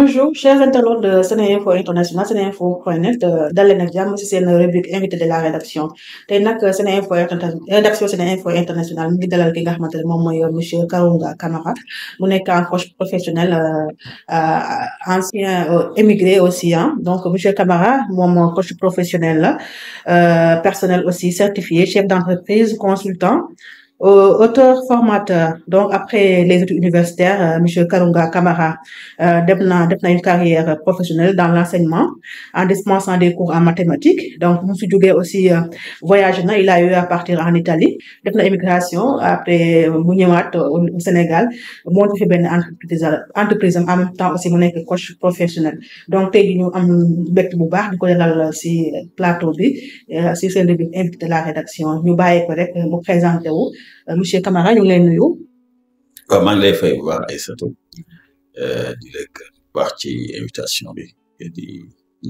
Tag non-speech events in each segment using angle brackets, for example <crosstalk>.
bonjour chers internautes de SeneInfo International seneinfo.net euh, dal leen ak jàmm ci seen rubrique invité de la rédaction tey nag SeneInfo rédaction SeneInfo International mu ngi dalal ki nga xamante ne moom mooy euh, monsieur Karounga Camara mu nekk en coach professionnel euh, ancien émigré aussi donc monsieur Camara moom coach professionnel la personnel aussi certifié chef d'entreprise consultant auteur formateur donc après les études universitaires euh, monsieur Karunga Kamara euh, def na def na une carrière professionnelle dans l'enseignement en dispensant des cours en donc mu fi jógee aussi euh, voyage na il a eu à partir en Italie def na immigration après mu ñëwaat Sénégal moo fi benn entreprise entreprise en même temps aussi mu nekk coach professionnel donc tey jii ñu am mbégte bu baax di ko dalal si plateau bi si seen bi invité la rédaction ñu bàyyi ko rek mu présenté wu Euh, monsieur Camara ñu ngi lay nuyu. waaw maa ngi lay fay bu ay Aïssatou euh, di la baax ci invitation bi di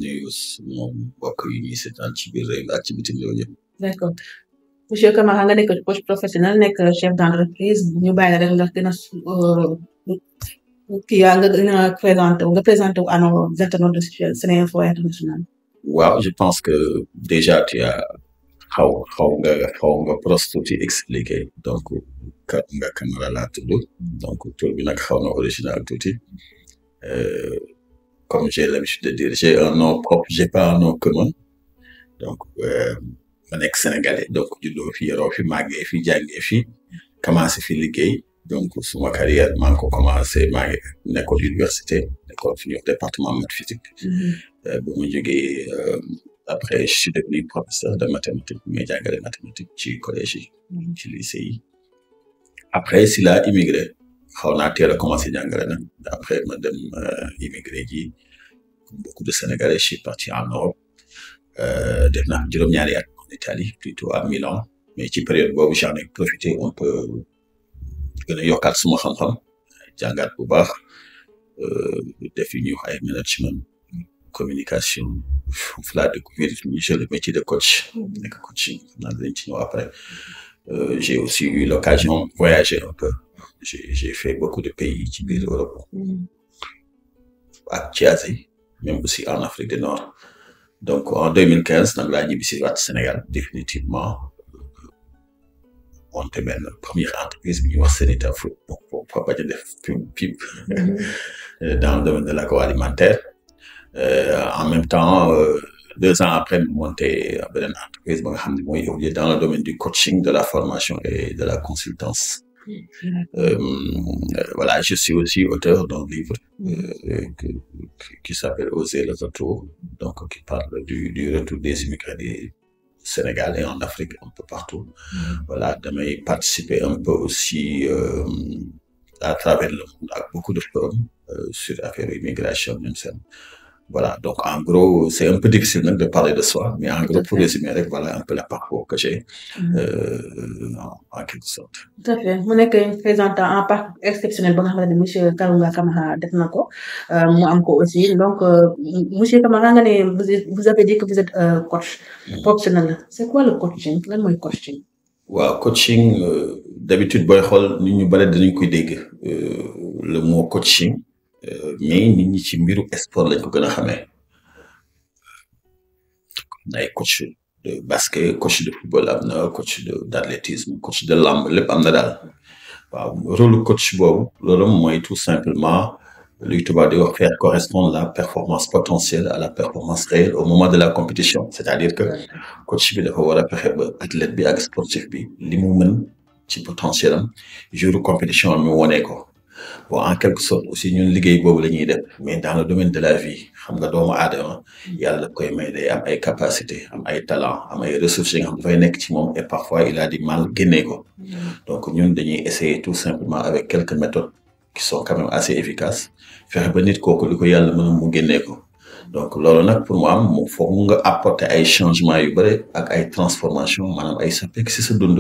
nuyu suñu mbokk yi ñuy seetaan ci biir réew mi ak ci bitim réew yëpp. d'accord monsieur nga nekk coach professionnel nekk chef d'entreprise ñu bàyyi la rek ndax gën a kii yaa nga gën a présenté euh, nga présenté wu à nos internautes waaw je pense que déjà tu as. xaw xaw nga xaw nga proche tuuti expliqué donc Karanga Camara laa tudd donc tur bi nag xaw na original tuuti euh, comme j'ai l'habitude de dire un nom propre j'ai pas un nom commun donc euh, ma nekk sénégalais donc juddoo fi yaroo fi màggee fi jàngee fi commencé fi liggéey donc suma carrière maa ngi ko commencé maa université nekkoon fi ñu département mathématique mm-hmm. euh, ba mu jógee après je suis devenu professeur de mathématiques mais jàngale mathématiques ci collège yi mm-hmm. ci lycée yi après si laa immigré xaw naa teel a commencé jàngale après ma dem euh, immigré ji comme beaucoup de Sénégalais je suis parti en Europe euh, def naa juróom-ñaari at en Italie plutôt à Milan mais ci période boobu j'en ai profité un suma xam-xam jàngaat bu baax euh, def yu ñuy management communication là de je le métier de coach, de coaching, après. Euh, j'ai aussi eu l'occasion de voyager un peu. J'ai fait beaucoup de pays qui visent l'Europe, à Asie, même aussi en Afrique du Nord. Donc en 2015, dans la au Sénégal, définitivement, on te mène la première entreprise bi ñuy wax Sénéta Food pour pour pour def pub dans le domaine de l'agroalimentaire. Euh, en même temps euh, deux ans après mu monté beneen entreprise ba nga xam ne mooy évoluer dans le domaine du coaching de la formation et de la consultance. Mm-hmm. Euh, euh, voilà je suis aussi auteur d'un livre mm-hmm. qui s'appelle Oser le retour donc qui parle du, du retour des immigrés du et en Afrique un peu partout mm-hmm. voilà damay participer un peu aussi à travers le monde ak beaucoup de forums sur affaire immigration même seen voilà donc en gros c'est un peu difficile nag de parler de soi mais en gros pour résumer rek voilà un peu le parcours que j'ai mm-hmm. euh, en quelque sorte. tout à fait mu nekk présentant en parcours exceptionnel ba nga xamante ne monsieur Karounga Kamara def na ko euh, mu am ko aussi donc euh, monsieur Kamara nga ne vous avez dit que vous êtes euh, coach mm-hmm. professionnel c'est quoi le coaching lan mooy coaching. waaw coaching d'habitude booy xool nit ñu bare dinañ koy dégg le mot coaching. Euh, mais nit ñi ci mbiru sport lañ ko gën a xamee ay coach de basket coach de football am na coach de d'athlétisme coach de lamb lépp am na daal waaw rôle coach boobu loolu mooy tout simplement luy tubaab di o faire correspondre la performance potentielle à la performance réelle au moment de la compétition c'est-à-dire que coach bi dafa war a fexe ba athlète bi ak sportif bi li mu mën ci potentiel am jour compétition mi wone ko. bon en quelque sorte aussi ñun liggéey boobu la ñuy def mais dans le domaine de la vie xam nga doom aadama yàlla daf koy may day am ay capacité am ay talent am ay ressources yi nga xam dafay nekk ci moom et parfois il a du génne donc ñun dañuy essayer tout simplement avec quelques méthodes qui sont quand même assez efficaces fexe ba nit kooku li ko yàlla mën mu génnee donc loolu nag pour mu am mu foog nga apporter ay changements yu bëri ak ay transformations maanaam ay sa soppeeku si sa dund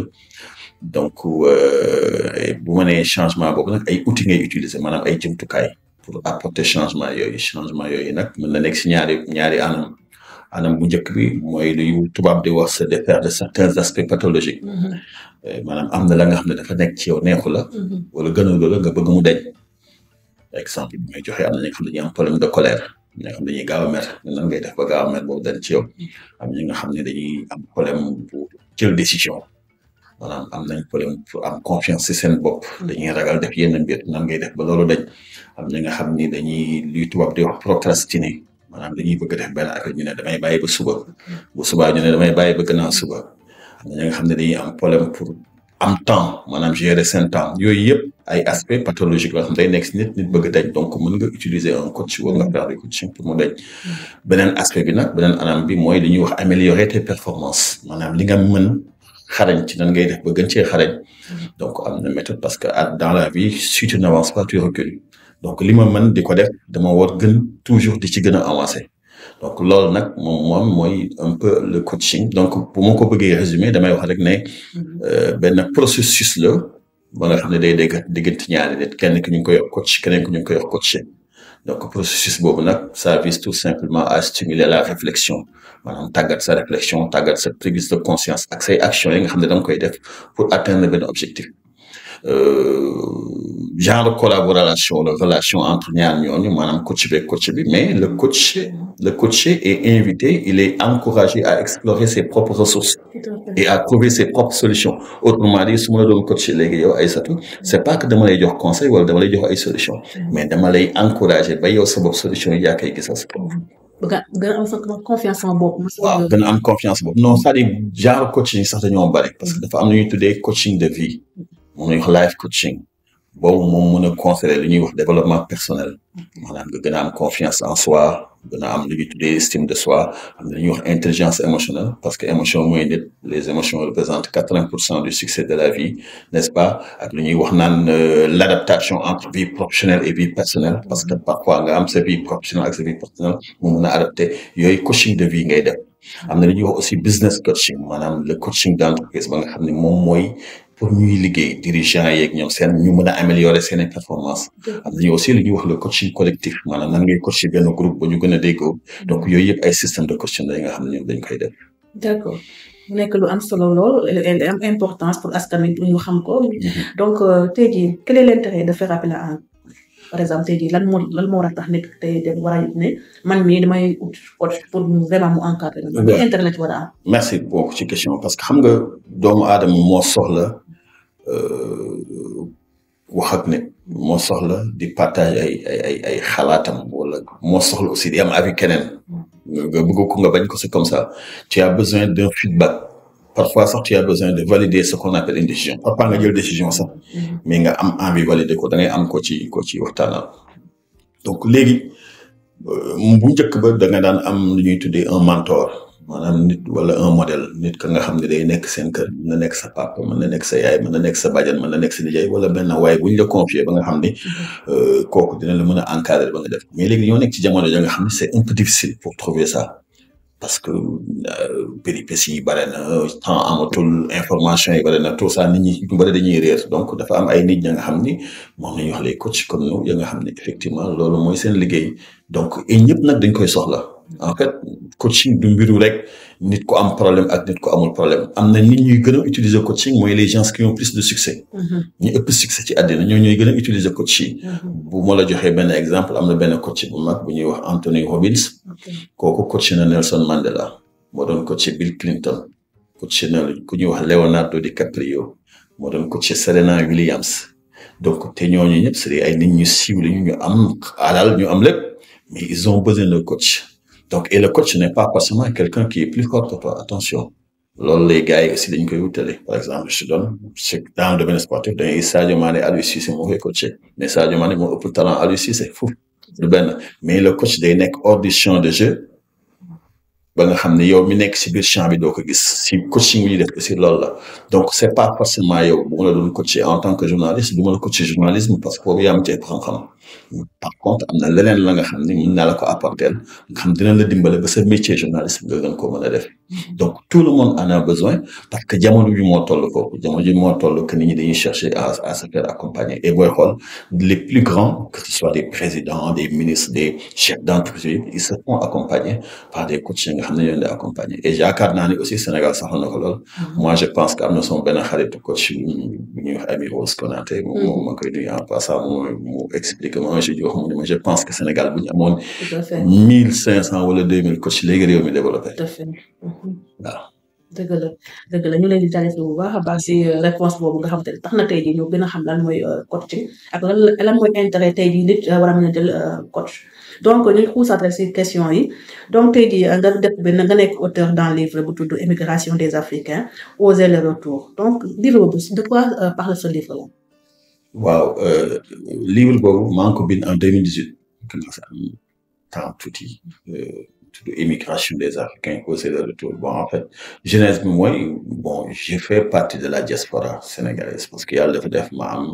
donc euh, bu ma nee changement boobu nag ay outils ngay utiliser maanaam ay jumtukaay pour apporter changement yooyu changement yooyu nag mën na nekk si ñaari ñaari anam anam bu njëkk bi mooy lu tubaab di wax se défaire de certains aspects pathologiques mm-hmm. euh, maanaam am na la nga xam ne dafa nekk ci yow neexu la mm-hmm. wala gënalu la nga bëgg mu deñ exemple bi may joxe am na ñi nga xam ne dañuy de colère ñi nga xam ne dañuy gaaw a mer nan ngay def ba gaaw a boobu dañ ci yow mm-hmm. am ñi nga xam ne dañuy am problème bu jël maanaam am nañ problème pour am confiance ci seen bopp mm-hmm. dañuy ragal def yenn mbir nan ngay def ba loolu dañ am na nga xam ni dañuy luy tubaab di wax procrastiner maanaam dañuy bëgg def benn affaire ñu ne damay bàyyi ba suba mm-hmm. bu subaa ñu ne damay bàyyi ba gannaaw suba am xam ne dañuy am problème pour am temps maanaam gérer seen temps yooyu yëpp ay aspect pathologique la day nekk nit nit bëgg dañ donc mën nga utiliser un coach wala nga faire du coaching pour mu dañ mm-hmm. beneen aspect bi nag beneen anam bi mooy li ñuy wax améliorer tes performances maanaam li nga mën xarañ ci nan ngay def ba gën cee xarañ donc am na méthode parce que ah, dans la vie si tu n'avances pas tu recules donc li ma mën di ko def dama war gën toujours di ci gën a avancer donc loolu nag moom moom mooy peu le coaching donc bu ma ko bëggee résumer damay wax rek ne mm-hmm. euh, benn processus la ba nga xam ne day dégg diggante ñaari nit kenn ki ñu ngi koy coach keneen ki ñu ngi koy coacher donc processus boobu nag ça vise tout simplement à stimuler la réflexion maanaam tàggat sa réflexion tàggat sa prise de conscience ak say actions yi nga xam ne da koy def pour atteindre benn objectif Euh, genre collaboration la relation entre ñaar ñooñu maanaam coach bi coach bi mais le coach le coaché est invité il est encouragé à explorer ses propres ressources et à trouver ses propres solutions autrement dit su ma la doon coaché léegi yow c'est pas que dama lay jox conseil wala dama lay jox ay solution mais dama lay encouragé ba yow sa bopp solution yi yaa koy gisal sa am confiance en a am non cest à genre coaching sax dañoo bari parce que dafa de moom la ñuy wax life coaching boobu moom mën a conseiller li wax développement personnel maanaam nga gën am confiance en soi gën am lu ñuy tuddee wax intelligence émotionnelle parce que émotion mooy nit les émotions représentent quatre-vingt pour cent du succès de la vie n'est-ce pas ak lu ñuy wax naan euh, entre vie professionnelle et vie personnelle parce que parfois nga am sa vie professionnelle ak sa vie personnelle a adapté yooyu coaching de vie ngay def am na lu ñuy wax aussi business coaching pour ñuy liggéey dirigeant yeeg ñoom seen ñu mën a améliorer seen performance am nañu aussi lu ñuy wax le coaching collectif maanaam nan ngay coacher benn groupe ba ñu gën a déggoo donc yooyu yëpp ay système de coaching la nga xam ne ñoom dañ koy def d'accord mu nekk lu am solo lool am importance pour askan wi ñu xam ko mhm. donc euh, tey jii quel est l'intérêt de faire appel à un par exemple tey jii lan moo lan moo war a tax nit tey de war a ne man mii damay ut pour vraiment mu encadrer. intérêt la ci war a am. merci beaucoup ci question parce que xam nga doomu aadama moo soxla Euh, wax ak ne moo soxla di partage ay ay ay xalaatam wala moo soxla aussi di am avec keneen nga bëgg ko nga bañ ko c'est comme ça tu as besoin d'un feedback parfois sax tu as besoin de valider ce qu'on appelle une décision parfois nga décision sax mais nga am envie valider ko da ngay am ko ci ko ci waxtaanal donc léegi euh, bu njëkk ba da nga daan am lu ñuy tuddee un mentor maanaam nit wala un modèle nit ka nga xam ne day nekk seen na nekk sa papa mën na nekk sa yaay mën na nekk sa bàjjan mën na nekk sa nijaay wala benn waaye buñ la confier ba nga xam ne mhm. euh, kooku dina la mën a ba nga def mais léegi ñoo nekk ci jamono c'est un peu difficile pour trouver ça parce que euh, péripéties yi bare na temps amatul information yi bare na tout sa nit ñi ñu bare dañuy réer donc dafa am ay nit ña nga xam ni moom la ñuy wax les coachs comme nous ya nga xam ne effectivement loolu mooy seen liggéey donc ñëpp nag dañ koy soxla en fait coaching du mbiru rek nit ko am problème ak nit ko amul problème am na nit ñuy gën a utiliser coaching mooy les gens qui ont plus mm-hmm. ñoo ñooy gën a utiliser coaching. Mm-hmm. bu ma la joxee benn exemple am na benn coach bu mag bu ñuy wax Anthony Robbins. kooku coach na Nelson Mandela moo doon coach Bill Clinton coach na ku ñuy wax Leonardo DiCaprio moo doon coach Serena Williams donc te ñooñu ñëpp c'est ay ni ñu siiw lañu ñu am alal ñu am lépp mais ils ont besoin de coach. donc et le coach n'est pas forcément quelqu'un qui plus fort que toi attention loolu les gars yi dañ koy wutale par exemple je te donne dans le domaine sportif dañuy gis Sadio Mané Aliou Cissé moo koy coaché mais Sadio Mané moo ëpp talent Aliou Cissé foofu du benn mais le coach day nekk hors de jeu ba nga xam ne yow mi nekk si biir champ bi doo ko gis si coaching bi ñu def aussi loolu la donc c'est pas forcément yow bu ma la doon coaché en tant que journaliste parce que boobu yaa am par contre am na leneen la nga xam ne mën naa la nga xam dina la dimbale ba sa métier journaliste nga gën ko a def donc tout le monde en a besoin parce que jamono bi moo toll foofu jamono bi moo toll que nit chercher à à se accompagner et les plus grands que ce soit des présidents des ministres des chefs d'entreprise ils se font accompagner par des coachs yi nga xam ne ñoo accompagner et yaakaar naa aussi Sénégal saxal na ko directement oh monsieur je pense que Sénégal bu mille cinq cent wala deux mille coach léegi réew mi développé. tout à fait mhm. waaw. dëgg la ñu leen di jaajëfal bu baax a baax si euh, réponse boobu nga xam te tax na tey jii ñu gën a xam lan mooy euh, coaching ak lan lan mooy intérêt tey jii nit euh, war a mën a jël coach donc ñu xuusaat rek si question yi donc tey jii nga def benn nga nekk auteur dans livre bu tudd émigration des Africains oser le retour donc livre boobu de quoi parle ce livre là waaw euh, livre boobu maa ngi bind en deux mille dix huit commencé am temps immigration euh, des africains causé le retour bon en fait jeunesse bi bon j'ai fait partie de la diaspora sénégalaise parce que yàlla dafa def ma am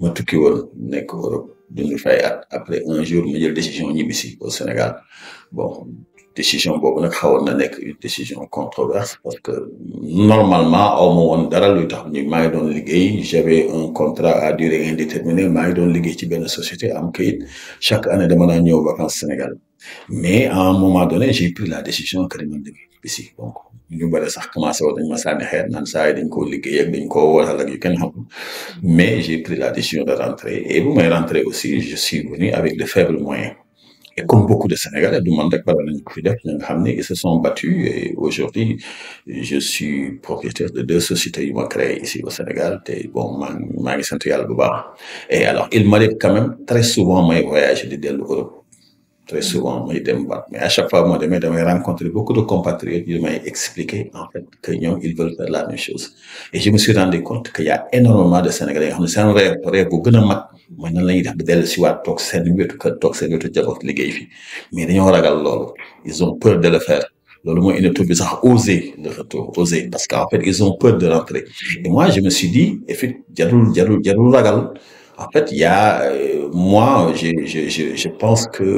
ma tukki woon nekk Europe dund fay at après un jour ma jël décision ñibbisi au Sénégal bon décision boobu nag xawoon na nekk une décision controversée parce que normalement aw ma woon dara luy tax ni maa ngi doon liggéey j'avais un contrat à durée indéterminée maa ngi doon liggéey ci benn société am kayit chaque année dama daan ñëw vacances Sénégal mais à un moment donné j'ai pris la décision que man dëgg ici donc ñu bëri sax commencé woon dañ ma sànni xeer naan saa yi dañ koo liggéey ak dañ koo waral ak yu kenn xamul mais j'ai pris la décision de rentrer et bu rentrer aussi je Et comme beaucoup de Sénégalais, du monde ils se sont battus et aujourd'hui, je suis propriétaire de deux sociétés qui m'ont créé ici au Sénégal. Et bon, Et alors, il m'arrive quand même très souvent mes voyages de l'Europe très souvent may dem baat mais à chaque fois moo demee damay rencontrer beaucoup de compatriotes yu may expliquer en fait que ñoom ils veulent faire la même chose et suis rendu compte que y a énormément de Sénégalais yoo xam ne seen rêve rêve bu gën a mooy nan la ñuy def ba dellu siwaat toog seen wetu kër toog seen wetu jaboot liggéey fi mais dañoo ragal loolu ils ont peur de le faire loolu mooy une tur bi sax oser le retour oser parce que en fait ils ont peur de rentrer et moi je me suis dit et puis jarul jarul jarul ragal en fait il y a euh, moi je je je je pense que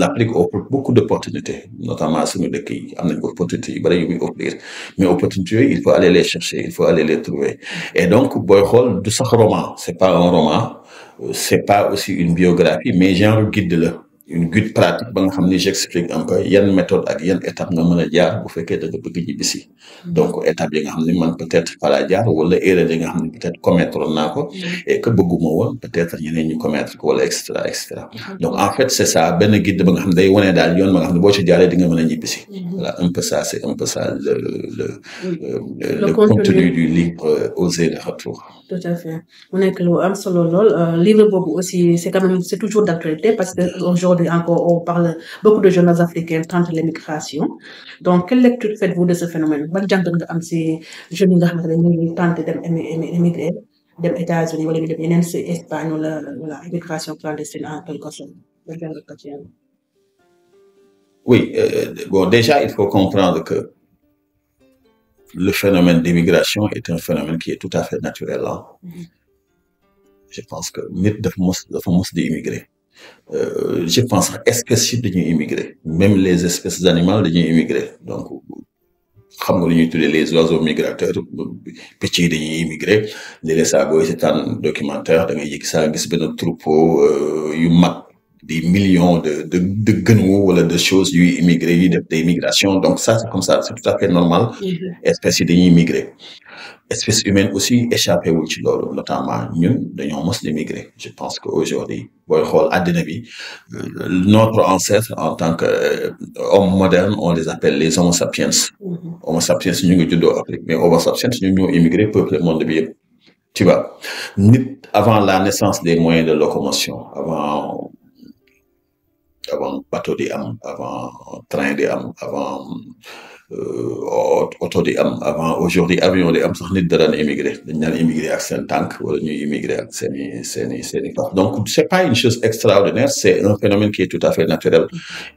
l'Afrique offre beaucoup d'opportunités notamment suñu dëkk yi am nañu opportunité yu bëri yu muy offrir mais opportunité yooyu il faut aller les chercher il faut aller les trouver et donc booy xool du sax roman c'est pas un roman c'est pas aussi une biographie mais genre guide la pratique ba nga xam ni j'explique un peu yan méthode ak yan étape nga mën a jaar bu fekkee da nga bëgg ñibbisi mm-hmm. donc étape yi nga xam ne man peut-être fala jaar wala erreur yi nga xam ne peut-être commettre naa ko mm-hmm. mm-hmm. en fait c'est ça benn guide ba nga xam ne day ba nga xam ne boo ci jaaree di nga a ñibbisi voilà un peu ça c'est un peu ça le le euh, contenu, contenu du livre euh, Oser le retour tout à fait mu nekk lu am solo lool euh, livre boobu aussi c'est quand même c'est toujours d'actualité parce que aujourd'hui encore on parle beaucoup de jeunes africains tentent l'émigration donc quelle lecture faites-vous de ce phénomène ban jàngat nga am si jeunes yi nga xamante ne dem émigrer dem États-Unis wala ñu dem yeneen si Espagne wala immigration clandestine en quelque sorte ban jàngat nga ci oui euh, déjà il faut comprendre que le phénomène d'immigration est un phénomène qui est tout à fait naturel mm-hmm. je pense que nit dafa mos dafa mos di immigré euh, je pense espèces yi dañuy immigré même les espèces animales dañuy immigré donc xam nga lu ñuy tuddee les oiseaux migrateurs picc yi dañuy immigré léeg-léeg saa da ngay yëg saa gis benn troupeau euh, yu mag des millions de de de wala de choses yuy immigré yuy def des migrations donc ça c'est comme ça c'est tout à fait normal mm-hmm. espèces yi dañuy migrer humaine aussi échappé wul ci loolu notamment ñun dañoo mos di je pense que aujourd'hui booy xool àddina bi euh, notre ancêtre en tant que euh, homme moderne on les appelle les homo sapiens mm-hmm. homo sapiens ñu ngi juddoo Afrique mais homo sapiens ñun ñoo immigré peuple monde bi yëpp tu vois nit avant la naissance des moyens de locomotion bateau di am avant train di am avant euh, oto di am avant aujourd'hui avion di am sax nit da daan immigré dañ daan ak seen tànk wala ñuy immigré ak seen i seen i seen i donc c'est pas une chose extraordinaire c'est un phénomène qui est tout à fait naturel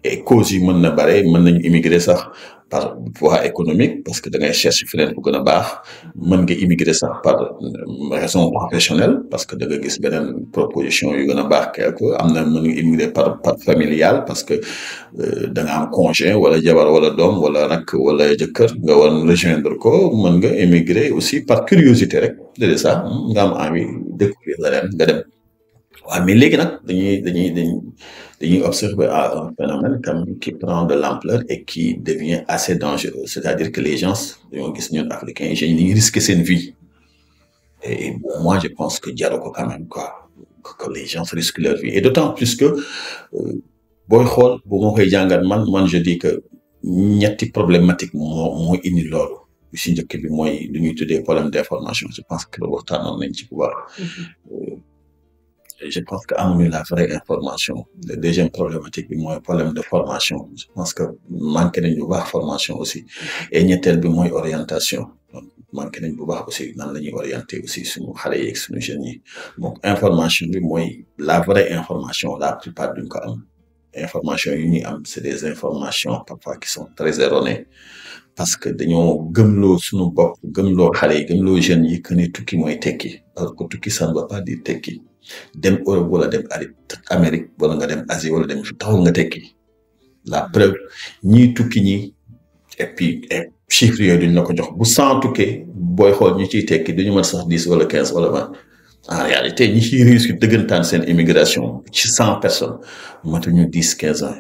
et causes yi mën na bare mën nañu immigré sax par voie économique parce que da ngay chercher feneen bu gën a baax man nga immigrer sax par euh, raison professionnelle parce que da nga gis beneen proposition yu gën a baax quelque am na mën nga par par familial parce que euh, da nga wala jabar wala doom wala rak wala jëkkër nga war rejoindre ko mën nga immigrer aussi par curiosité rek de ça nga am envie découvrir leneen nga dem waaw mais léegi nag dañuy dañuy dañuy dañuy observer ah, un phénomène quand même qui prend de l'ampleur et ki devient assez dangereux c'est-à-dire que les gens dañoo gis ñun africains jeunes yi ñu risquer seen vie et moi je pense que jaru ko quand même quoi que les gens risquent leur vie et d'autant plus que euh, boo xool bu moo koy jàngat man man je di que ñetti problématique moo mooy indi loolu si njëkk bi mooy lu ñuy tuddee problème d'information je pense que loolu waxtaanoon nañ ci pouvoir je pense que amuñu la vraie information le deuxième problématique bi mooy problème de formation je pense que manqué nañ bu baax formation aussi et bi mooy orientation donc manqué nañ bu baax aussi nan la ñuy orienté aussi suñu xale yeeg suñu jeunes yi donc information bi mooy la vraie information la plupart duñ am information yi ñuy am c'est des informations parfois qui sont très erronées parce que dañoo gëmloo suñu bopp gëmloo xale yi gëmloo jeunes yi que ne tukki mooy tekki alors que tukki ça tekki dem Europe wala dem Amérique wala nga dem Asie wala dem taxul nga tekki la preuve ñii tukki ñi et puis et chiffres duñ la ko jox bu cent tukkee booy xool ñu ciy tekki duñu mën sax dix wala quinze wala ba en réalité ñi ciy réussir dëggantaan seen immigration ci cent personnes matuñu dix quinze ans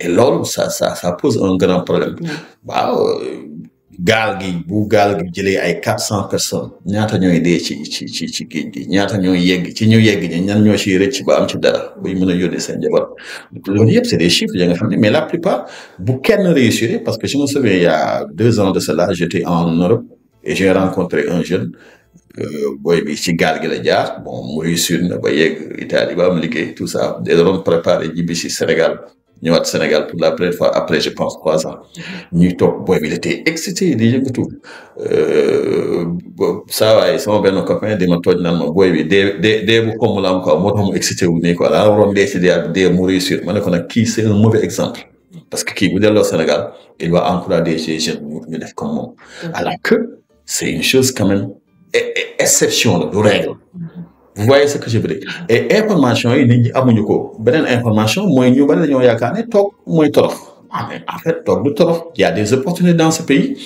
et loolu ça ça ça pose un grand problème mm. waaw. gaal gi bu gaal gi jëlee ay quatre cent personnes ñaata ñooy dee ci ci ci ci géej gi ñaata ñooy yegg ci ñu yegg ñi ñan ñoo ciy rëcc ci dara buy mën a yónnee seen njaboot loolu yëpp c'est des chiffres ya nga xam ne mais la plupart bu kenn réussir parce que je me souviens il y a deux ans de cela j'étais en Europe et j'ai rencontré un jeune euh, boy bi ci gaal gi la jaar bon mu réussir na ba yegg Italie ba liggéey tout ça da doon préparé ji Sénégal ñëwaat Sénégal pour la première fois après je pense trois ans ñuy toog booy bi la tey excité di yëngatu saa euh, waaye sama benn copain di ma tooj naan ma booy bi dee dee dee bu xaw la am quoi moo tax mu excité wu nii quoi daa waroon dee si ma ne ko nag kii c'est un mauvais exemple parce que kii bu delloo Sénégal il va encourager ces jeunes ñu def comme moom mm-hmm. alors que c'est une chose quand même exception la du règle vous voyez ce que je veux et information yi nit ñi amuñu ko beneen information mooy ñu bari dañoo yaakaar ne toog mooy torox ah, mais en fait toog du torox y a des opportunités dans ce pays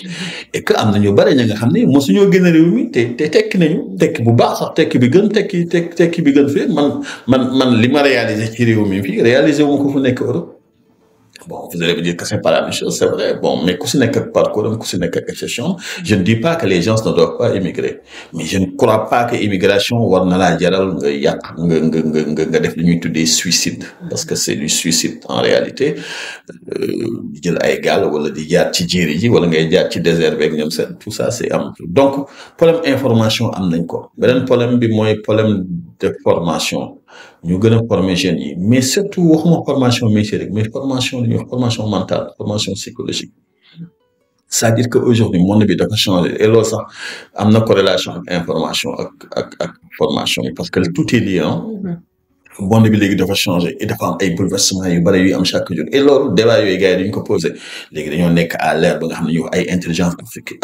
et que am na ñu bari ña nga xam ne mosuñoo génn réew mi te te tekki nañu tekki bu baax sax tekki bi gën tekki tekki bi gën fee man man man li ma réaliser ci réew mi fii réaliser wu ko fu nekk Europe. bon vous allez me dire que c'est pas la même chose c'est vrai bon mais ku si nekk ak parcours am ku si nekk ak exception je ne dis que les ne doivent pas immigrer mais je ne crois pas que immigration war na laa jaral nga yàq nga nga nga nga def li ñuy tuddee suicide parce que c'est du suicide en réalité euh, jël ay gaal wala di jaar ci jéeri ji wala ngay jaar ci désert beeg ñoom seen tout ça c'est am donc problème information am nañ ko beneen problème bi mooy problème de formation ñu gën a former jeunes yi mais surtout waxuma formation métier rek mais formation li ñuy wax formation mentale formation psychologique c'est-à-dire que aujourd'hui monde bi dafa changé et sax am na corrélation ak information ak ak ak formation yi parce que tout est lié monde bi léegi dafa changé et dafa am ay bouleversements yu bëri yu am chaque jour et loolu débat yooyu gars yi dañu ko posé léegi dañoo nekk à l'ère ba nga xam ne ñu wax ay intelligence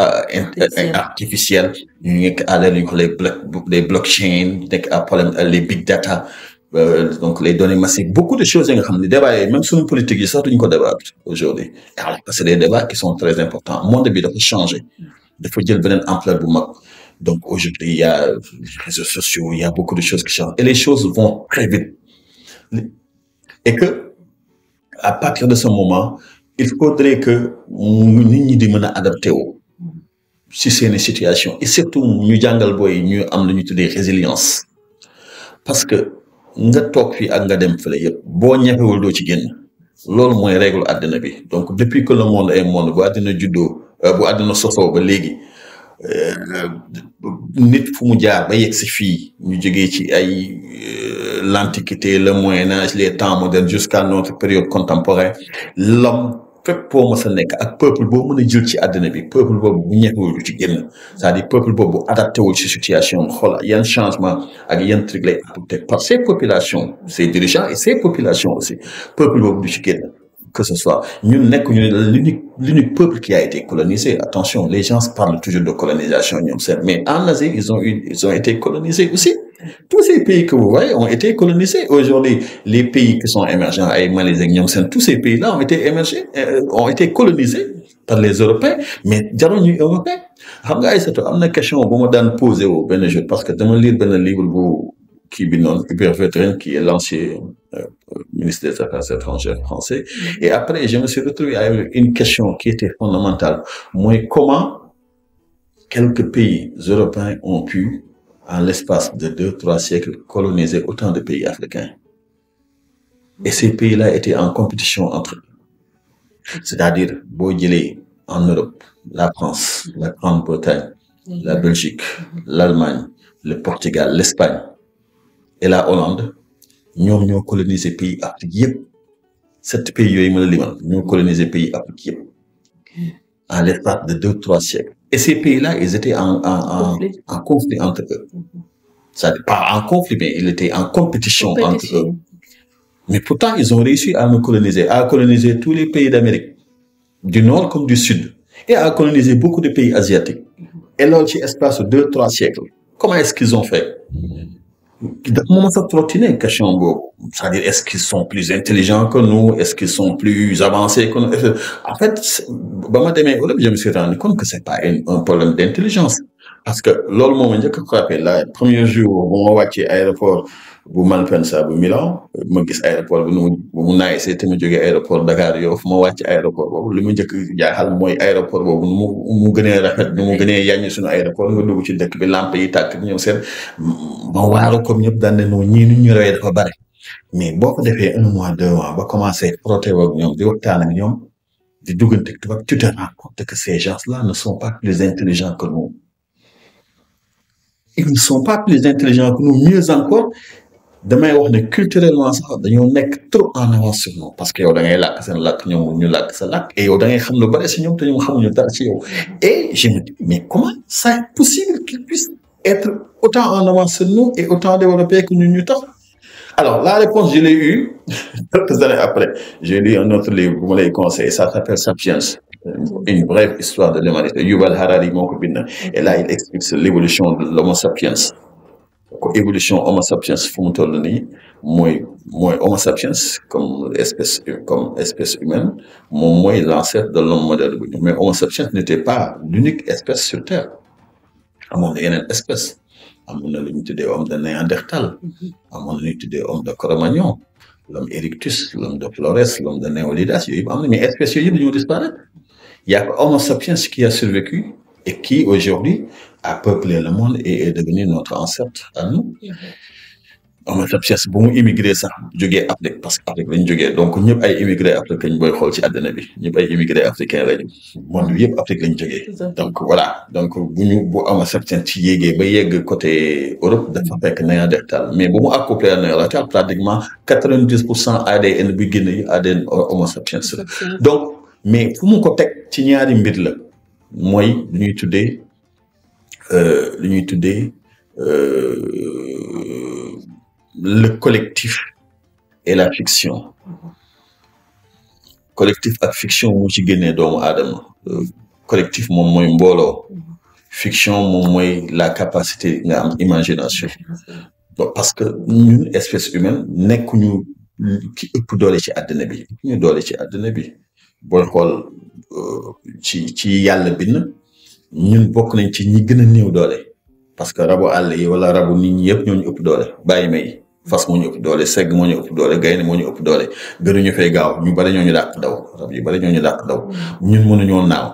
euh, artificielle ñu nekk à l'ère ñu wax les block les nekk à problème euh, les big data euh, donc les données massives beaucoup de choses yi nga xam ne débat yooyu même suñu politique yi sax ko débattre aujourd'hui alors que des débats qui sont très importants monde bi dafa changé dafa jël beneen bu mag Donc aujourd'hui, il y a les réseaux sociaux, il y a beaucoup de choses qui changent. Et les choses vont très vite. Et que, à partir de ce moment, il faudrait que nit di mën a adapté wu si seeni situation et ñu jàngal booy ñu am lu ñu tuddee résilience parce que nga toog fii ak nga dem fala yëpp boo ñefewul doo ci génn loolu mooy réglu àddina bi donc depuis que le monde est monde bu àddina juddoo euh, bu àddina sosoo ba léegi Euh, nit fu mu jaar ba yegg si fii ñu jógee ci ay euh, l'antiquité la moyen âge les temps modernes jusqu'à notre période contemporaine l'homme fépp boo mës sa nekk ak peuple boo mën a jël ci àddina bi peuple boobu bu ñeewul ci génn c'est-à-dire peuple boobu adapté wul ci situation xool yan changement ak yan truc lay apporté par ces populations ces dirigeants et ces populations aussi peuple boobu du ci génn que ce soit ñun nekk ñu l'unique l'unique peuple qui a été colonisé attention les gens parlent toujours de colonisation ñoom mais en Asie ils ont été colonisés aussi tous ces pays que vous voyez ont été colonisés aujourd'hui les pays qui sont émergents ay Malaisie ak ñoom seen tous ces pays là ont été émergés euh, ont été colonisés par les Européens mais jaroon ñuy Européens xam nga ay question bu ma daan posé woo benn jour parce que dama lire benn livre qui Binon, qui est l'ancien euh, ministre des Affaires étrangères français. Et après, je me suis retrouvé à une question qui était fondamentale. Moi, comment quelques pays européens ont pu, en l'espace de deux, trois siècles, coloniser autant de pays africains? Et ces pays-là étaient en compétition entre C'est-à-dire, Baudelaire, en Europe, la France, la Grande-Bretagne, la Belgique, l'Allemagne, le Portugal, l'Espagne et la Hollande ñoom ñoo coloniser pays Afrique yëpp sept pays yooyu ma la limal ñoo coloniser pays Afrique yëpp en l'espace de deux trois siècles et ces pays-là ils étaient en en en en conflit entre eux mm-hmm. cest pas en conflit mais ils étaient en compétition entre eux mais pourtant ils ont réussi à nous coloniser à coloniser tous les pays d'Amérique du nord comme du sud et à coloniser beaucoup de pays asiatiques mm-hmm. et loolu ci espace de deux trois siècles comment est-ce qu'ils ont daf ma mos a trottiner question boobu c'est-à-dire est-ce qu'ils sont plus intelligents que nous est-ce qu'ils sont plus avancés que nous en fait ba ma demee Europe je me suis rendu compte que c'est un problème d'intelligence parce que loolu moo ma njëkk a frappé la première jour bu ma wàccee aéroport bu Malpensa bu Milan ma gis aéroport bi nu mu naay see te ma jógee aéroport Dakar yow fu ma wàcc aéroport boobu li ma njëkk jaaxal mooy aéroport boobu nu mu mu gënee rafet nu mu gënee yàññi suñu aéroport nga dugg ci dëkk bi lampe yi tàkk ñoom seen ma waaru comme ñëpp daan ne noonu ñii nu ñu rawee dafa bare mais boo defee un mois deux mois ba commencé proté woog ñoom di waxtaan ak ñoom di duggante ak tu te rends compte que ces gens là ne sont pas plus intelligents que nous damay wax ne culturellement sax dañoo nekk trop en parce que yow da ngay làkk seen làkk ñoom ñu làkk sa lakk et yow da ngay xam lu bari si ñoom te ñoom xamuñu dara si yow et je me dis mais comment ça est possible qu'ils puissent être autant en avance sur nous et autant développés que ñun ñu tax alors la réponse je l'ai eue <laughs> quelques années après j'ai lu un autre livre bu lay conseiller ça s'appelle Sapiens une brève histoire de l'humanité Yuval Harari moo de l'homo sapiens ko évolution homo sapiens fu mu toll nii mooy mooy homo sapiens comme espèce comme humaine moom mooy l'ancêtre de l'homme moderne bu ñu mais homo sapiens n'était pas l'unique espèce sur terre amoon na yeneen espèce amoon na lu ñu tuddee homme de Néandertal mm-hmm. amoon na lu ñu tuddee homme de Cro-Magnon l'homme erectus l'homme de Flores l'homme de Néolidas yooyu yëpp am na mais espèces yooyu yëpp disparaître y a que homo qui a survécu et qui aujourd'hui a peuplé le monde et est devenu notre ancêtre à nous. Omar Tapsias bu mu immigré sax jógee Afrique parce que Afrique lañ jógee donc ñëpp ay immigré africain booy xool ci àddina bi ñëpp ay immigré africain lañu monde bi yëpp Afrique lañ jógee. donc voilà donc ci yéegee ba yegg côté Europe dafa fekk néandertal mais bu mu accouplé à néandertal pratiquement quatre-vingt-dix pour cent ADN bi génn yi ADN Homo sapiens donc mais fu mu ko teg ci ñaari mbir la. mooy lu ñuy tuddee euh, lu ñuy tuddee euh, le collectif et la fiction collectif ak fiction moo ci génnee doomu aadama euh, collectif moom mooy mbooloo fiction moom mooy la capacité nga am imagination parce que ñun espèce humaine nekkuñu ki ëpp doole ci àddina bi ñu doole ci àddina bi booy xool ci ci yàlla bind ñun bokk nañ ci ñi gën a néew doole parce que rabo àll yi wala rabu nit ñi yëpp ñoo ñu ëpp doole bàyyi may fas moo ñu ëpp doole segg moo ñu ëpp doole gaynde moo ñu ëpp doole gënuñu fee gaaw ñu bari ñoo ñu dàq daw rab bari ñoo ñu dàq daw ñun mënuñoo naaw.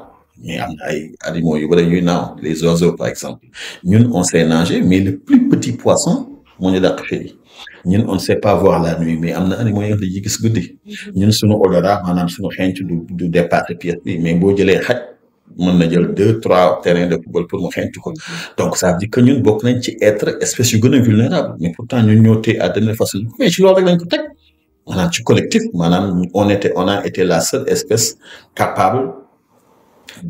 mais am na ay animaux yu bari ñuy naaw les oiseaux par exemple ñun on sait nager mais le plus petit poisson moo ñu dàq fii ñun on ne sait pas voir la nuit mais am na animaux yi nga xam gis guddi mhm. ñun suñu odorat maanaam suñu xeeñtu du du dépassé pièce bi mais boo jëlee xaj mën na jël deux trois terrains de football pour mu xeeñtu ko mhm. donc ça veut que ñun bokk nañ ci être espèce yu gën a vulnérable mais pourtant ñun ñoo téye à donner façon mais ci loolu rek lañ ko teg maanaam ci collectif maanaam on était été la seule espèce capable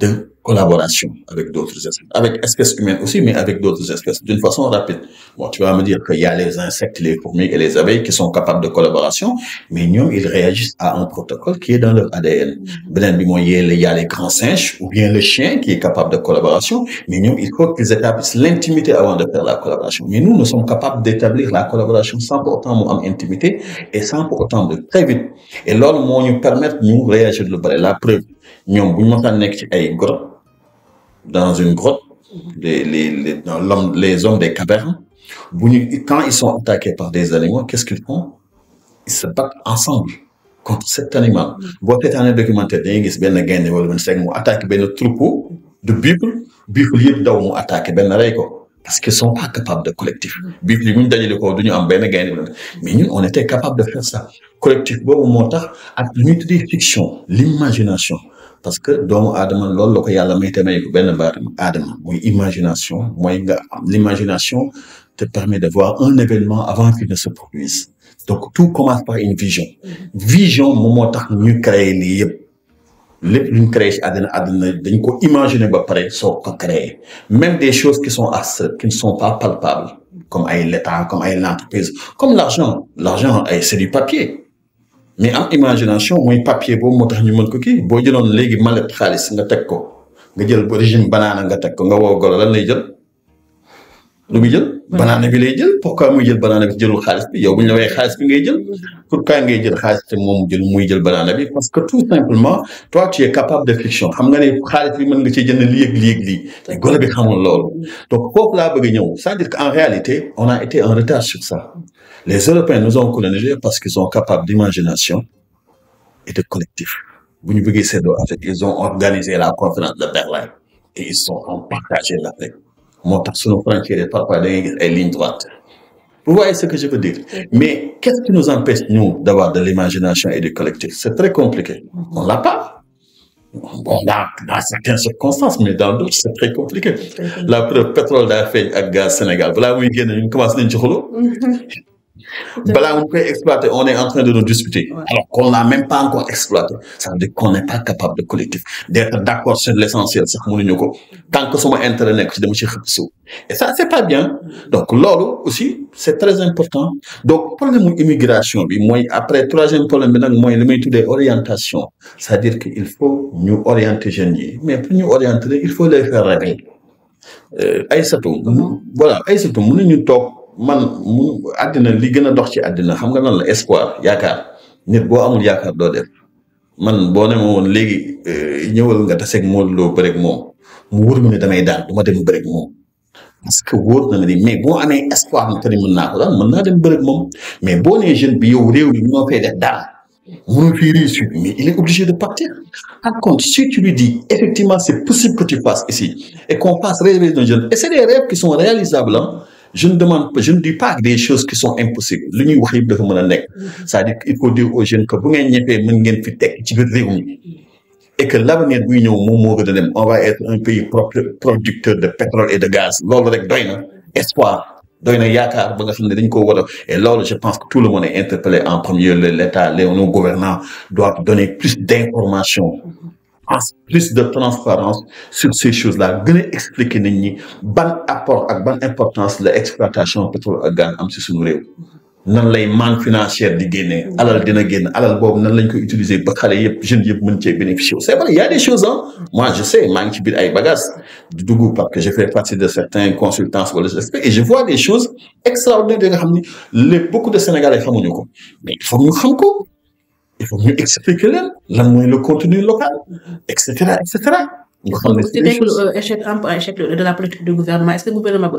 de collaboration avec d'autres espèces, avec espèces humaines aussi, mais avec d'autres espèces, d'une façon rapide. Bon, tu vas me dire qu'il y a les insectes, les fourmis et les abeilles qui sont capables de collaboration, mais nous, ils réagissent à un protocole qui est dans leur ADN. Bien évidemment, il y a les grands singes ou bien le chien qui est capable de collaboration, mais nous, il faut qu'ils établissent l'intimité avant de faire la collaboration. Mais nous, nous sommes capables d'établir la collaboration sans pour autant en intimité permettre de nous réagir de La preuve, nous, nous sommes nekk ci ay grotte dans une grotte les les hommes des cavernes bu ñu quand ils sont attaqués par des animaux qu'est-ce qu'ils font ils se battent ensemble contre cet animal boo seetaanee documentaire dañuy gis benn gaynde wala benn seeg mu attaqué benn troupeau de buffle buffle yëpp daw mu attaqué benn rey ko parce qu'ils sont pas capables de collectif buffle yi bu ñu dajale ko du ñu am benn gaynde wala mais on était capable de faire ça collectif boobu moo tax ak lu ñuy tuddee fiction l'imagination parce que doomu adama loolu la ko yàlla may te may ko benn baat aadama mooy imagination moy nga am l'imagination te permet de voir un événement avant qu'il ne se produise donc tout commence par une vision vision moom moo tax ñu créer lii yëpp lépp lu ñu créé ci àddina àddina dañ ko imaginer ba pare soo ko créé même des choses qui sont abstraites qui ne sont pas palpables comme ay l'État comme ay l'entreprise comme l'argent l'argent c'est du papier mais am imagination mooy papier boobu moo tax ñu mën ko kii boo jëloon léegi mallette xaalis nga teg ko nga jël régime banaana nga teg ko nga woo golo lan lay jël lu muy jël. banaana bi lay jël pour muy jël banaana bi jëlul xaalis yow bu ñu la xaalis bi ngay jël pourquoi ngay jël xaalis te moom jël muy jël banaana bi parce que tout simplement toi tu es capable de fiction xam nga ne xaalis bi mën nga ci jënd lii ak lii ak te golo bi xamul loolu donc foofu laa bëgg a ñëw c'est-à-dire que en réalité on a été en retard sur ça. Les Européens nous ont colonisés parce qu'ils sont capables d'imagination et de collectif. Vous ne voyez avec ils ont organisé la conférence de Berlin et ils sont en partagé l'Afrique. Mon personne frontière parfois ligne droite. Vous ce que je veux dire Mais qu'est-ce qui nous empêche, nous, d'avoir de l'imagination et du collectif C'est très compliqué. On l'a pas. Bon, là, dans certaines circonstances, mais dans d'autres, c'est très compliqué. La preuve, pétrole d'affaires à gaz Sénégal. Voilà où il y a une balaa nga koy exploiter on est en train de nous disputer. Ouais. alors qu'on n'a même pas encore exploité. ça veut dire qu'on n'est pas capable de collectif d'être d'accord sur l'essentiel sax mënuñu ko tant que suma intérêt nekk ci dama ci xëpp si et c'est pas bien donc loolu aussi c'est très important donc problème mu immigration bi mooy après troisième problème bi nag mooy li may tuddee orientation c'est-à-dire que faut ñu orienter jeunes yi mais ñu orienter il faut les faire rêver euh, ay satu mm-hmm. voilà ay satu mënuñu man mu àddina gën a dox ci àddina xam nga nan la espoir yaakaar nit boo amul yaakaar doo dem man boo ne ma woon léegi eh, ñëwal nga taseeg Modou loo bëreeg moom mu wóor ma ne damay daal du ma dem bëreeg moom parce que wóor na la i mais boo amee espoir na te ni naa ko daan mën naa dem bëreeg moom mais boo nee jeune bi yow réew mi ñoo fay def daan mënul fi réussir mais il est obligé de partir par contre si tu effectivement c'est possible que tu fasses ici et qu'on fasse rêver d'un jeune je ne demande je ne dis pas des choses qui sont impossibles lu ñuy wax yëpp dafa mën a nekk c'est-à-dire il faut dire aux jeunes que bu ngeen ñeppee mën ngeen fi teg ci biir réew que l'avenir buy ñëw moom moo gën a va être un pays producteur de pétrole et de gaz loolu rek doy na espoir doy na yaakaar ba nga xam ne dañ ko war loolu je pense que tout le monde est interpellé en premier lieu l'État les nos gouvernants doivent donner plus d'informations en plus de transparence sur ces choses-là gën a expliquer nit ñi ban apport ak ban importance la exploitation pétrole a gaz am si suñu réew nan lay manque financière di génnee alal dina génn alal boobu nan lañ koy utiliser ba xale yëpp jeunes yëpp mën cee bénéficier wu c'est vrai y a des choses ah moi je sais maa ci biir ay bagages du dugg parce que je fais partie de certains consultants wala je et je vois des choses extraordinaires nga xam ni les bokku de Sénégalais xamuñu ko mais ñu ko il faut ñu expliquer leen lan mooy le contenu local et cetera euh, de la politique du gouvernement est-ce que gouvernement a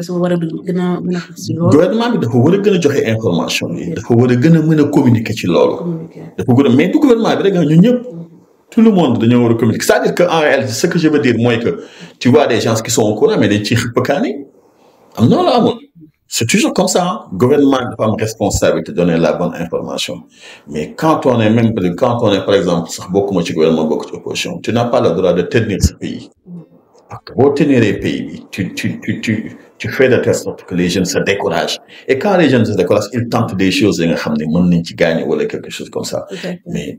gën a mën a. si gouvernement bi dafa war a gën a joxe information dafa war a gën a mën a communiquer ci lool dafa gën mais du gouvernement bi rek ah, ñun ñëpp. tout le monde dañoo war a communiquer cest dire que en réalité ce que je veux dire mooy que tu vois des gens qui sont au courant mais dañ ciy xëpp am na la amoon. C'est toujours comme ça. Hein? Le gouvernement n'a pas responsabilité donner la bonne information. Mais quand on est même, quand on est, par exemple, beaucoup de gouvernement, beaucoup d'opposition, tu n'as pas le droit de tenir ce pays. Mm. Parce que vous tenir les pays, tu, tu, tu de telle sorte que les jeunes se découragent. Et quand les jeunes se découragent, ils tentent des choses, ils ou quelque chose comme ça. Okay. Mais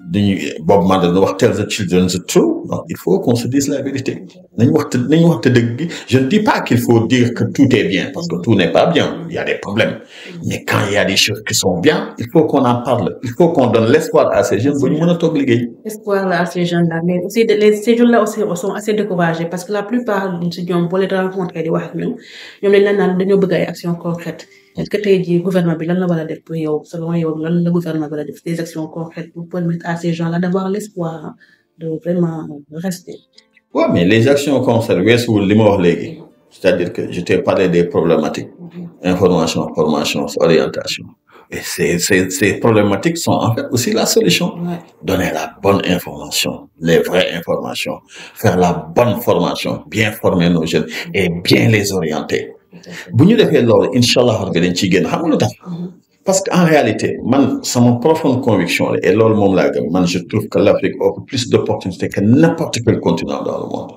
Bob Marley doit tell the children the truth. Donc, il faut qu'on se dise la vérité. Je ne dis pas qu'il faut dire que tout est bien, parce que tout n'est pas bien. Il y a des problèmes. Mm. Mais quand il y a des choses qui sont bien, il faut qu'on en parle. Il faut qu'on ñoom dañ bëgg ay actions concrètes est-ce que tey jii gouvernement bi lan la war a def pour yow selon yow lan la gouvernement bi actions concrètes pour permettre à ces gens-là d'avoir l'espoir de vraiment rester. waaw mais les actions concrètes weesuwul li ma wax léegi c'est-à-dire que je t'ai parlé des problématiques mm-hmm. information formation orientation et ces ces ces problématiques sont en fait aussi la solution ouais. donner la bonne information les vraies informations faire la bonne formation bien former nos jeunes les orienter bu ñu defee loolu incha allah rabbi dañ ciy génn xam nga lu tax mhm. parce que en réalité man sama profonde conviction la et loolu moom laa gëm man je trouve que l'Afrique offre plus d'opportunités que n'importe quel continent dans le monde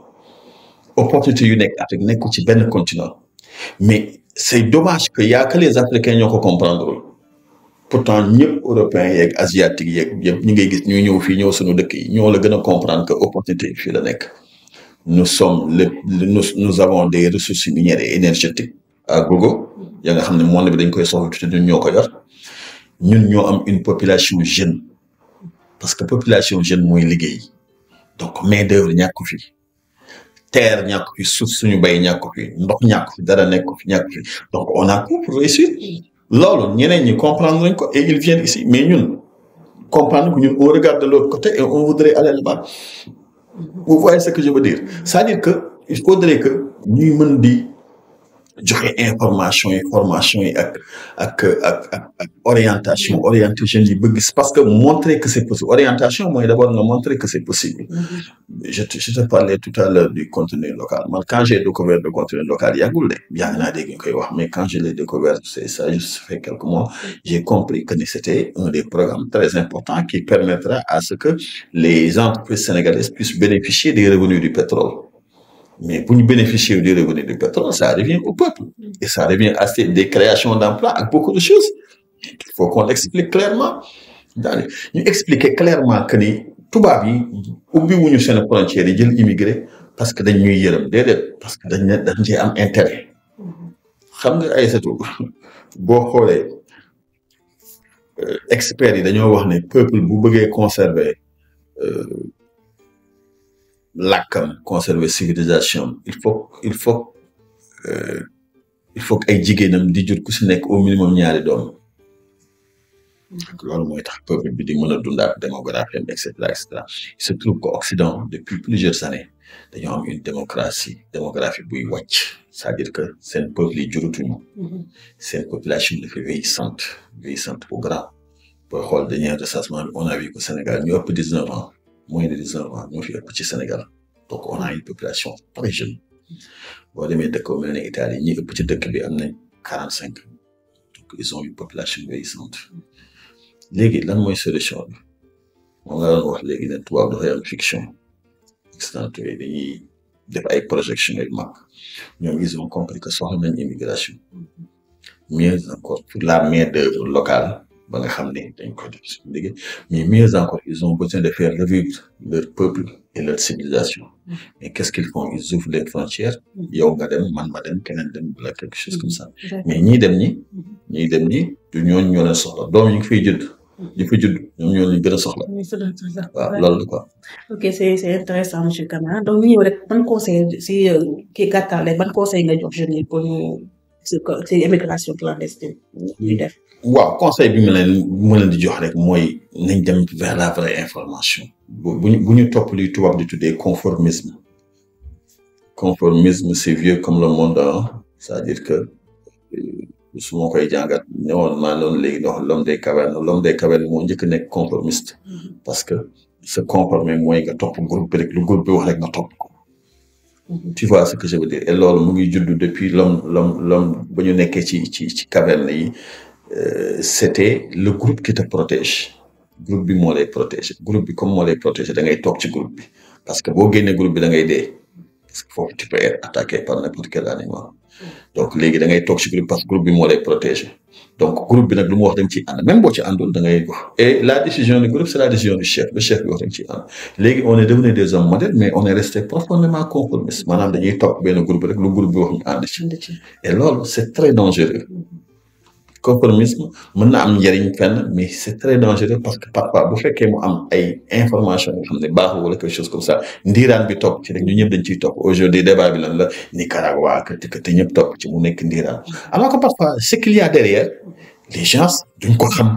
opportunité yu nekk Afrique nekku ci benn continent mais c'est dommage que y a que les Africains ñoo ko comprendre pourtant ñëpp européens yeeg asiatiques yeeg yëpp ñu ngay gis ñu ñëw fii ñëw suñu dëkk yi ñoo la gën a comprendre que opportunité fii la nekk nous sommes le nous nous avons des ressources minières et énergétiques à gogo yaa nga xam ne monde bi dañ koy soxla te ñun ñoo ko yor ñun ñoo am une population jeune parce que population jeune mooy liggéey donc main d'œuvre ñàkk fi terre ñàkk fi suuf suñu bay ñàkk fi ndox ñàkk fi dara nekk fi ñàkk fi donc on a loolu ñeneen ñi comprendre nañ ko et ils viennent mais ñun comprendre que ñun on regarde de l'autre côté et on vous voyez ce que je veux dire c'est-à-dire que il faudrait que ñuy mën di. joxe information yi formation yi ak ak ak ak orientation orienté jeunes yi bëgg parce que montrer que c'est possible orientation mooy d'abord nga montrer que c'est possible mm-hmm. je te je te parlais tout à l'heure du contenu local man quand j'ai découvert le contenu local yàggul de yàgg naa dégg ñu koy mais quand je l'ai découvert c'est ça juste fait quelques mois j'ai compris que c'était un des programmes très importants qui permettra à ce que les entreprises sénégalaises puissent bénéficier des revenus du mais bu ñu bénéficier du revenu du pétrole ça revient au peuple et ça revient à des créations d'emplois ak beaucoup de choses il faut qu'on l'explique clairement daal ñu expliquer clairement que ni tubaab yi ubbi wuñu seen frontières yi jël immigré parce que dañ ñuy yërëm déedéet parce que dañ ne dañ cee am intérêt xam nga ay satu boo xoolee euh, experts yi dañoo wax ne peuple bu bëggee conserver euh, làkkam conserver civilisation il faut il faut euh, il faut que ay jigéenam di jur ku si nekk au minimum ñaari doom loolu mooy tax peuple bi di mën a dundaat démographie am et cetera et cetera il se trouve que Occident depuis plusieurs années dañoo am une démocratie démographie buy wàcc sa à dire que seen peuple yi jurutuñu seen population dafa vieillissante vieillissante bu grand xool dernier recensement bi on a vu que Sénégal ñu ëpp neuf ans moyen de discernement ñoo fi ëpp ci Sénégal donc on a une population très boo demee dëkk bu mel ne Italie ñi ëpp ci dëkk bi am nañ quarante cinq donc ils ont une population vieillissante léegi lan mooy solution bi moom nga doon wax léegi ne tubaab dafay am fiction excellente yooyu dañuy def ay projection yu mag ñoom ils ont compris que soxla na immigration mm-hmm. mieux encore pour la main d'œuvre locale ba nga xam ne dañ ko def suñu liggéey mais mieux encore ils ont besoin de faire revivre leur peuple et leur civilisation mm-hmm. mais qu'est-ce qu'ils font ils ouvrent les frontières mm-hmm. yow nga dem man ma dem keneen dem wala quelque chose comme ça mm-hmm. mais ñii dem ñi ñii dem ñi du ñooñu ñoo soxla doom ñu ngi judd ñu fi judd ñoom ñoo leen gën a soxla waaw loolu la quoi c'est intéressant monsieur Camara donc ñu ñëw rek ban conseil si euh, kii gàttal ban conseil nga jox jeunes yi ci ci immigration clandestine. ñuy def conseil bi ma leen ma di jox rek mooy nañ dem vers la information. bu ñu bu ñu topp li tubaab di tuddee conformisme conformisme c'est vieux comme le monde ah cest dire que euh, su ma koy jàngat ne woon maa doon léegi di wax l'homme des cavernes l'homme des cavernes moo njëkk nekk conformiste. Mm-hmm. parce que se conformer mooy nga top groupe bi rek lu groupe wax rek nga top ko. tu vois ce que je veux dire mu ngi juddu depuis l'homme l'homme l'homme ba ñu nekkee ci ci ci caverne yi euh, c'était le groupe qui te protège groupe bi moo lay protégé groupe bi comme moo lay protégé da ngay toog ci groupe bi parce que boo génne groupe bi da ngay dee parce que foofu tu peux être attaqué par n'importe quel animal donc léegi da ngay toog si groupe parce que groupe bi moo lay donc groupe bi lu mu wax da nga ciy ànd même ci àndul da et la décision du groupe c' la décision du chef le chef bi wax da nga ciy ànd on est devenu des hommes mais on est resté profondément conformiste maanaam dañuy topp benn groupe rek lu groupe bi wax ñu ànd ci est très dangereux conformisme mën na am njëriñ fenn mais c'est très dangereux parce que parfois bu fekkee mu am ay information yoo xam ne baaxul wala quelque chose comme ça ndiiraan bi topp ci rek ñu ñëpp dañ ciy topp aujourd'hui débat bi lan la Nicaragua kati kati ñëpp topp ci mu nekk ndiiraan alors que parfois ce qu'il derrière les gens duñ ko xam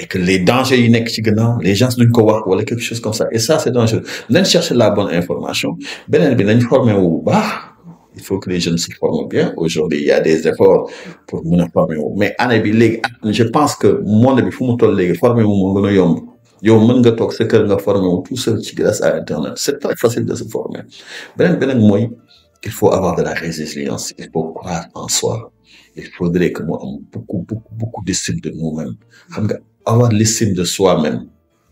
et que les dangers yi nekk ci gannaaw les gens duñ ko wax wala quelque chose comme ça et ça c'est dangereux nañ chercher la bonne information beneen bi nañ formé bu baax il faut que les jeunes se forment bien aujourd'hui il des efforts pour mën a former mais année bi léegi je pense que monde bi fu mu tol léegi former wu moo gën a yomb yow mën nga toog sa kër nga former wu tout seul grâce à internet c'est très facile de se former beneen beneen mooy il faut avoir de la résilience il faut croire en soi il faudrait que mu am beaucoup beaucoup d'estime de nous-mêmes xam nga avoir de soi-même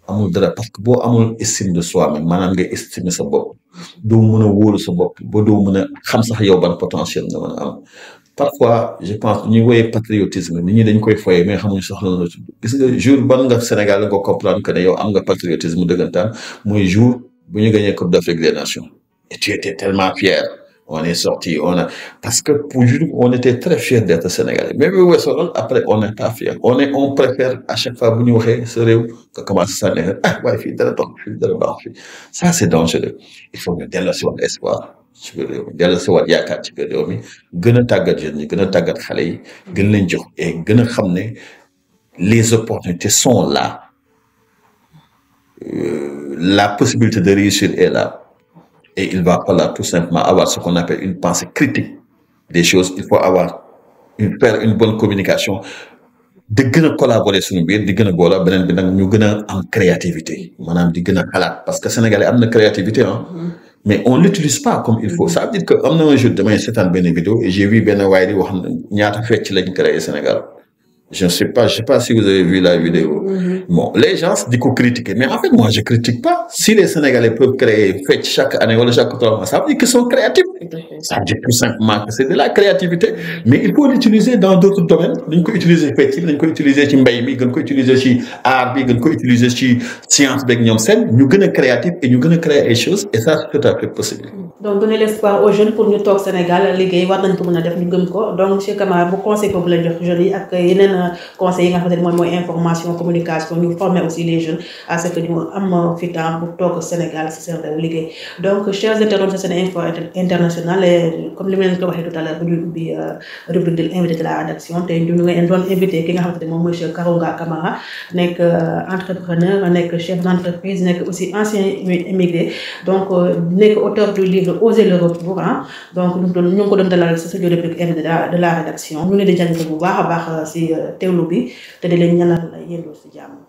amul parce que boo amul estime de soi-même maanaam nga estimer sa bopp doo mën a wóolu sa bopp ba doo mën a xam sax yow ban potentiel nga mën a am parfois je pense ñuy woyee patriotisme nit ñi dañ koy foyee mais xam sax lan la tudd jour ban nga Sénégal nga comprendre que ne yow am nga patriotisme dëggantaan mooy jour bu ñu gagné Coupe d'Afrique des Nations et tu étais tellement fier on est sorti on parce que pour on était très fiers d'être sénégalais mais bu weesoo loolu après on n'est pas fiers on est on préfère à chaque fois bu ñu waxee sa réew nga commencé sànni ah waaye fii dara baax fii dara baax fii ça c'est dangereux il faut ñu delloo si woon espoir ci biir réew mi delloo si woon yaakaar ci biir réew mi gën a tàggat jeunes yi gën a tàggat xale yi gën leen jox et gën a xam ne les opportunités sont là euh, la possibilité de réussir est là. Et il va falloir tout simplement avoir ce qu'on appelle une pensée critique des choses. Il faut avoir une, faire une bonne communication. di gën a suñu biir di gën a booloo beneen bi nag ñu gën a am créativité maanaam di gën a xalaat parce que sénégalais am na créativité ah. mais on l'utilise pas comme il faut ça veut dire que am na un jour damay seetaan benn vidéo et j'ai vu benn waay di wax ñaata fecc lañ créé Sénégal. Je ne sais pas, je sais vu la vidéo. Mhm. les gens du coup critiquent, mais en fait moi je critique pas. Si les Sénégalais peuvent créer fête chaque année wala chaque trois mois, ça veut dire qu'ils sont créatifs. Ça veut dire tout simplement que c'est de la créativité, mais il utiliser fête mbay mi, gën ko utiliser ci art bi, gën ko utiliser ci science beeg ñoom seen ñu gën créatif et ñu gën a créer choses et ça tout à fait possible. conseil yi mooy information communication ñu former aussi les jeunes à ce que ñu am fi temps toog Sénégal si seen liggéey donc chers internautes comme li ma leen ko waxee tout à l'heure bu ñu ubbi euh, rubrique de l'invité de la rédaction te ñu ngi doon invité ki nga xamante ni moom monsieur Karonga Camara nekk euh, entrepreneur nekk chef d'entreprise nekk aussi ancien immigré donc euh, nekk auteur du livre Oser le retour ah donc ñu ngi ko doon dalal si studio rubrique invité de la rédaction a teewlu bi te di leen ñaanal yéen si jàmm.